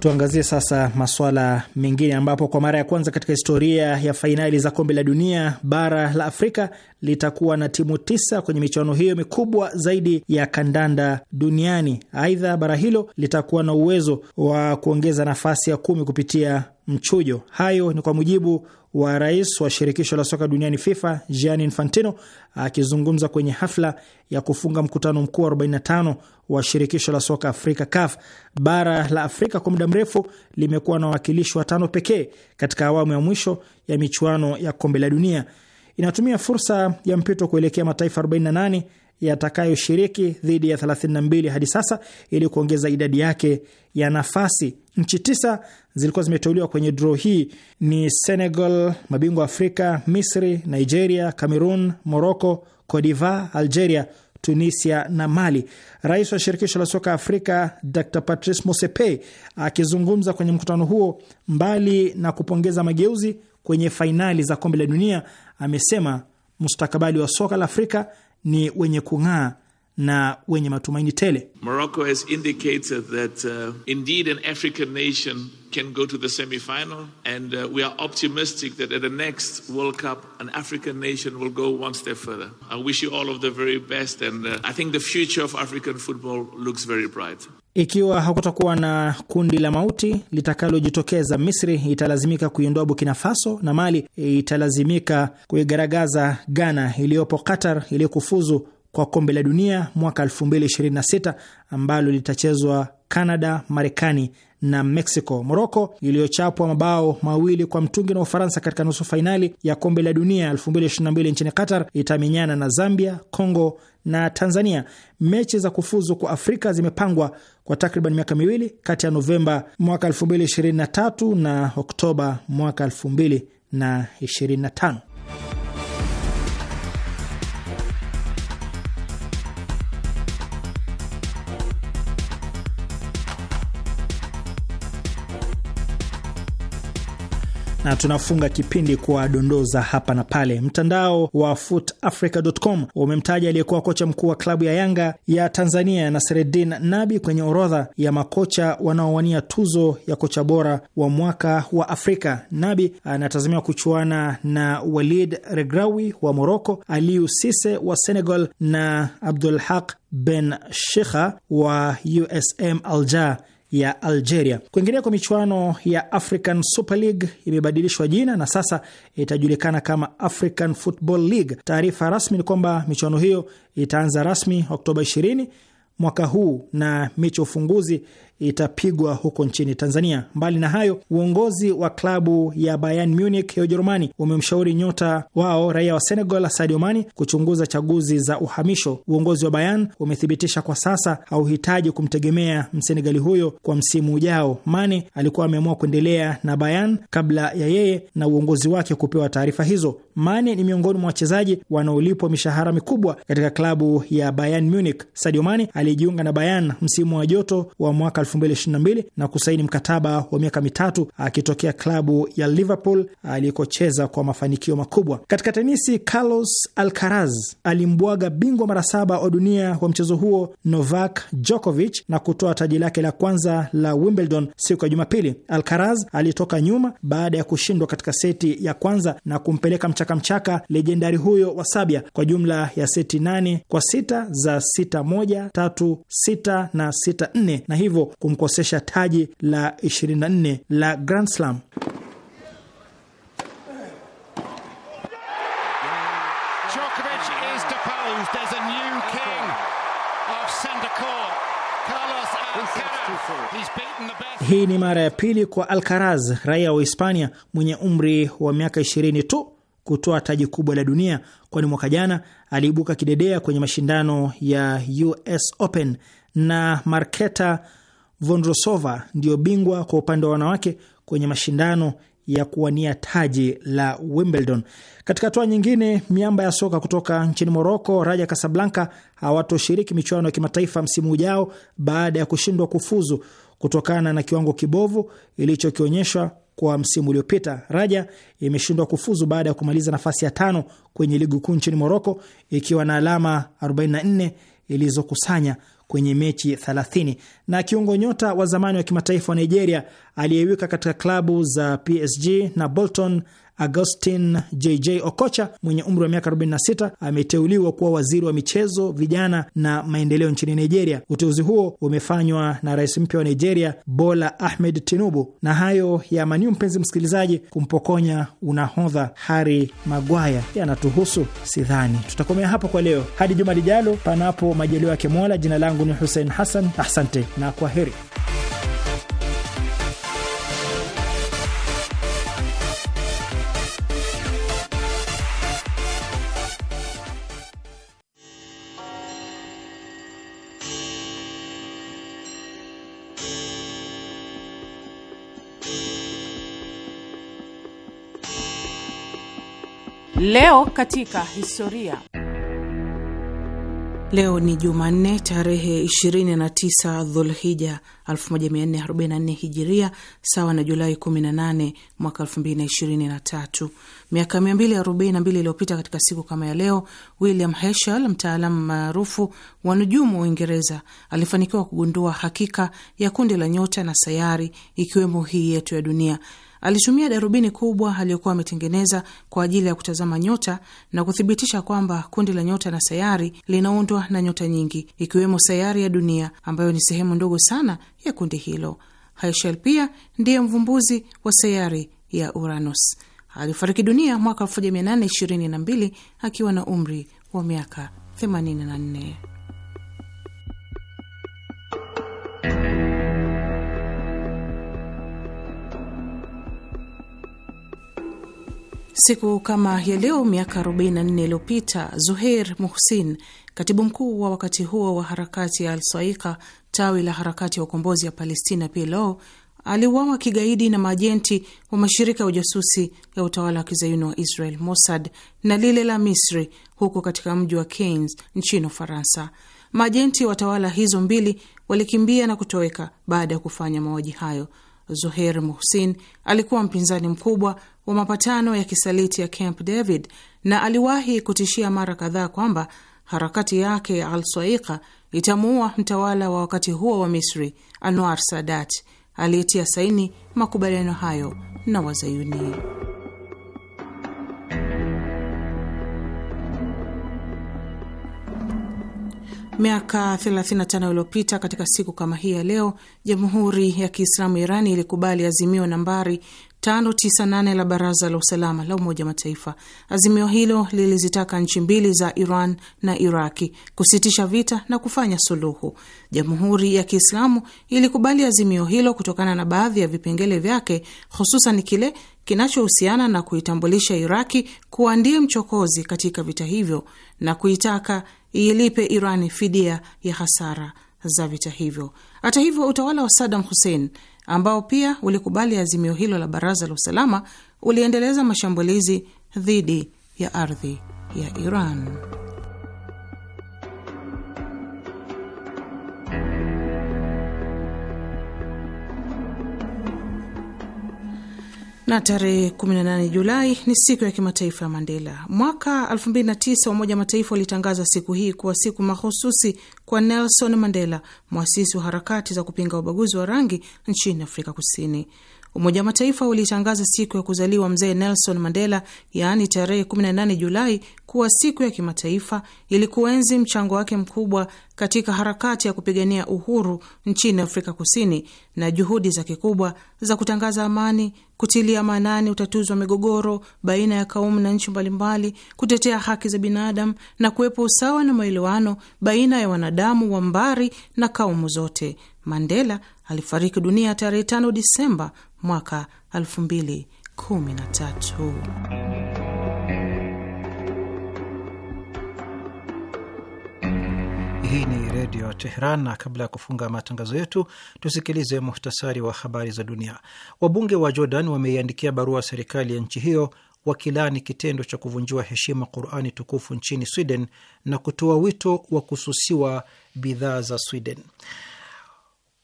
Tuangazie sasa masuala mengine ambapo kwa mara ya kwanza katika historia ya fainali za kombe la dunia bara la Afrika litakuwa na timu tisa kwenye michuano hiyo mikubwa zaidi ya kandanda duniani. Aidha, bara hilo litakuwa na uwezo wa kuongeza nafasi ya kumi kupitia mchujo. Hayo ni kwa mujibu wa rais wa shirikisho la soka duniani FIFA Gianni Infantino akizungumza kwenye hafla ya kufunga mkutano mkuu wa 45 wa shirikisho la soka Afrika CAF. Bara la Afrika kwa muda mrefu limekuwa na wawakilishi watano pekee katika awamu ya mwisho ya michuano ya kombe la dunia. Inatumia fursa ya mpito kuelekea mataifa 48 yatakayoshiriki dhidi ya 32 hadi sasa ili kuongeza idadi yake ya nafasi. Nchi tisa zilikuwa zimeteuliwa kwenye draw hii ni Senegal, mabingwa Afrika, Misri, Nigeria, Cameroon, Morocco, Cote d'Ivoire, Algeria, Tunisia na Mali. Rais wa shirikisho la soka Afrika Dr Patrice Motsepe akizungumza kwenye mkutano huo, mbali na kupongeza mageuzi kwenye fainali za kombe la dunia, amesema mustakabali wa soka la Afrika ni wenye kung'aa na wenye matumaini tele. Morocco has indicated that uh, indeed an African nation can go to the semifinal and uh, we are optimistic that at the next World Cup an African nation will go one step further. I wish you all of the very best and uh, I think the future of African football looks very bright. Ikiwa hakutakuwa na kundi la mauti litakalojitokeza, Misri italazimika kuiondoa Burkina Faso na Mali italazimika kuigaragaza Ghana iliyopo Qatar iliyokufuzu kwa kombe la dunia mwaka 2026 ambalo litachezwa Canada, Marekani na Mexico. Moroko iliyochapwa mabao mawili kwa mtungi na Ufaransa katika nusu fainali ya kombe la dunia 2022 nchini Qatar itamenyana na Zambia, Congo na Tanzania. Mechi za kufuzu kwa Afrika zimepangwa kwa takriban miaka miwili kati ya Novemba mwaka 2023 na Oktoba mwaka 2025. na tunafunga kipindi kwa dondoza hapa na pale. Mtandao wa footafrica.com umemtaja aliyekuwa kocha mkuu wa klabu ya Yanga ya Tanzania na Seredin Nabi kwenye orodha ya makocha wanaowania tuzo ya kocha bora wa mwaka wa Afrika. Nabi anatazamiwa kuchuana na Walid Regrawi wa Moroko, Aliu Sise wa Senegal na Abdul Haq Ben Shikha wa USM Alger ya Algeria. Kuingilia kwa michuano ya African Super League imebadilishwa jina na sasa itajulikana kama African Football League. Taarifa rasmi ni kwamba michuano hiyo itaanza rasmi Oktoba 20 mwaka huu na mechi ya ufunguzi itapigwa huko nchini Tanzania. Mbali na hayo, uongozi wa klabu ya Bayern Munich ya Ujerumani umemshauri nyota wao raia wa Senegal Sadio Mane kuchunguza chaguzi za uhamisho. Uongozi wa Bayern umethibitisha kwa sasa hauhitaji kumtegemea msenegali huyo kwa msimu ujao. Mane alikuwa ameamua kuendelea na Bayern kabla ya yeye na uongozi wake kupewa taarifa hizo. Mane ni miongoni mwa wachezaji wanaolipwa mishahara mikubwa katika klabu ya Bayern Munich. Sadio Mane aliyejiunga na Bayern msimu wa joto wa mwaka 2022 na kusaini mkataba wa miaka mitatu akitokea klabu ya Liverpool alikocheza kwa mafanikio makubwa. Katika tenisi, Carlos Alcaraz alimbwaga bingwa mara saba wa dunia wa mchezo huo Novak Djokovic na kutoa taji lake la kwanza la Wimbledon siku ya Jumapili. Alcaraz alitoka nyuma baada ya kushindwa katika seti ya kwanza na kumpeleka mchakamchaka lejendari huyo wa Sabia kwa jumla ya seti nane kwa sita za sita moja, tatu, sita na sita nne na hivyo kumkosesha taji la 24 la Grand Slam. Hii ni mara ya pili kwa Alcaraz, raia wa Hispania mwenye umri wa miaka 20 tu kutoa taji kubwa la dunia, kwani mwaka jana aliibuka kidedea kwenye mashindano ya US Open na Marketa Vondrosova ndiyo bingwa kwa upande wa wanawake kwenye mashindano ya kuwania taji la Wimbledon. Katika hatua nyingine, miamba ya soka kutoka nchini Moroko, Raja Kasablanka hawatoshiriki michuano ya kimataifa msimu ujao baada ya kushindwa kufuzu kutokana na kiwango kibovu ilichokionyeshwa kwa msimu uliopita. Raja imeshindwa kufuzu baada ya kumaliza nafasi ya tano kwenye ligi kuu nchini Moroko ikiwa na alama 44 ilizokusanya kwenye mechi 30. Na kiungo nyota wa zamani wa kimataifa wa Nigeria aliyewika katika klabu za PSG na Bolton Augustin JJ Okocha mwenye umri wa miaka 46 ameteuliwa kuwa waziri wa michezo, vijana na maendeleo nchini Nigeria. Uteuzi huo umefanywa na rais mpya wa Nigeria Bola Ahmed Tinubu. Na hayo yamaniu, mpenzi msikilizaji, kumpokonya unahodha Hari Magwaya yanatuhusu, sidhani tutakomea hapo kwa leo, hadi juma lijalo, panapo majaliwa ya Mola. Jina langu ni Hussein Hassan, asante na kwa heri. Leo katika historia. Leo ni Jumanne tarehe 29 Dhulhija 1444 Hijiria, sawa na Julai 18 mwaka 2023. Miaka 242 iliyopita katika siku kama ya leo, William Herschel, mtaalamu maarufu wa nujumu wa Uingereza, alifanikiwa kugundua hakika ya kundi la nyota na sayari, ikiwemo hii yetu ya dunia. Alitumia darubini kubwa aliyokuwa ametengeneza kwa ajili ya kutazama nyota na kuthibitisha kwamba kundi la nyota na sayari linaundwa na nyota nyingi ikiwemo sayari ya dunia ambayo ni sehemu ndogo sana ya kundi hilo. Herschel pia ndiye mvumbuzi wa sayari ya Uranus. Alifariki dunia mwaka 1822 akiwa na umri wa miaka 84. Siku kama ya leo miaka 44 iliyopita Zuhair Muhsin, katibu mkuu wa wakati huo wa harakati ya Alsaika, tawi la harakati ya ukombozi ya Palestina PLO, aliuawa kigaidi na majenti wa mashirika ya ujasusi ya utawala wa kizayuni wa Israel Mossad na lile la Misri huko katika mji wa Cannes nchini Ufaransa. Majenti wa tawala hizo mbili walikimbia na kutoweka baada ya kufanya mauaji hayo. Zuhir Muhsin alikuwa mpinzani mkubwa wa mapatano ya kisaliti ya Camp David na aliwahi kutishia mara kadhaa kwamba harakati yake ya Al-Swaika itamuua mtawala wa wakati huo wa Misri Anwar Sadat aliyetia saini makubaliano hayo na Wazayuni. Miaka 35 iliyopita katika siku kama hii ya leo, Jamhuri ya Kiislamu Irani ilikubali azimio nambari 598 la Baraza la Usalama la Umoja Mataifa. Azimio hilo lilizitaka nchi mbili za Iran na Iraki kusitisha vita na kufanya suluhu. Jamhuri ya Kiislamu ilikubali azimio hilo kutokana na baadhi ya vipengele vyake, hususan kile kinachohusiana na kuitambulisha Iraki kuwa ndiye mchokozi katika vita hivyo na kuitaka iilipe irani fidia ya hasara za vita hivyo. Hata hivyo, utawala wa Saddam Hussein ambao pia ulikubali azimio hilo la Baraza la Usalama uliendeleza mashambulizi dhidi ya ardhi ya Iran. na tarehe 18 Julai ni siku ya kimataifa ya Mandela. Mwaka 2009 Umoja Mataifa ulitangaza siku hii kuwa siku mahususi kwa Nelson Mandela, mwasisi wa harakati za kupinga ubaguzi wa rangi nchini Afrika Kusini. Umoja wa Mataifa ulitangaza siku ya kuzaliwa mzee Nelson Mandela, yaani tarehe 18 Julai, kuwa siku ya kimataifa ili kuenzi mchango wake mkubwa katika harakati ya kupigania uhuru nchini Afrika Kusini na juhudi zake kubwa za kutangaza amani kutilia maanani utatuzi wa migogoro baina ya kaumu na nchi mbalimbali, kutetea haki za binadamu na kuwepo usawa na maelewano baina ya wanadamu wa mbari na kaumu zote. Mandela alifariki dunia tarehe 5 Disemba mwaka 2013. Hii ni Redio Teheran, na kabla ya kufunga matangazo yetu tusikilize muhtasari wa habari za dunia. Wabunge wa Jordan wameiandikia barua serikali ya nchi hiyo wakilani kitendo cha kuvunjiwa heshima Qurani tukufu nchini Sweden na kutoa wito wa kususiwa bidhaa za Sweden.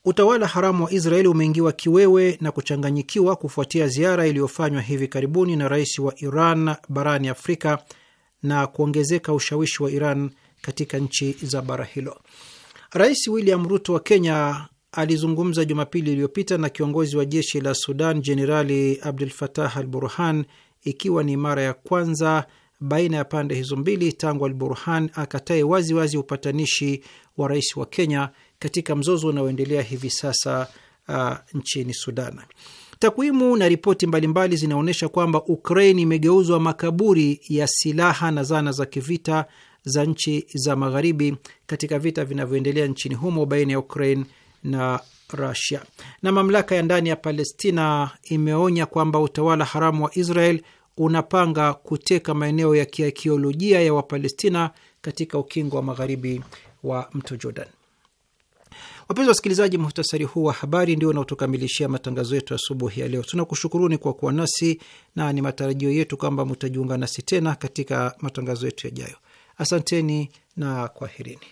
Utawala haramu wa Israeli umeingiwa kiwewe na kuchanganyikiwa kufuatia ziara iliyofanywa hivi karibuni na rais wa Iran barani Afrika na kuongezeka ushawishi wa Iran katika nchi za bara hilo. Rais William Ruto wa Kenya alizungumza Jumapili iliyopita na kiongozi wa jeshi la Sudan Jenerali Abdul Fatah Al Burhan, ikiwa ni mara ya kwanza baina ya pande hizo mbili tangu Al Burhan akatae waziwazi wazi upatanishi wa rais wa Kenya katika mzozo unaoendelea hivi sasa uh, nchini Sudan. Takwimu na ripoti mbalimbali zinaonyesha kwamba Ukraine imegeuzwa makaburi ya silaha na zana za kivita za nchi za magharibi katika vita vinavyoendelea nchini humo baina ya Ukraine na Rusia. Na mamlaka ya ndani ya Palestina imeonya kwamba utawala haramu wa Israel unapanga kuteka maeneo ya kiakiolojia ya Wapalestina katika ukingo wa magharibi wa mto Jordan. Wapenzi wasikilizaji, muhtasari huu wa habari ndio unaotukamilishia matangazo yetu asubuhi ya leo. Tunakushukuruni kwa kuwa nasi na ni matarajio yetu kwamba mutajiunga nasi tena katika matangazo yetu yajayo. Asanteni na kwaherini.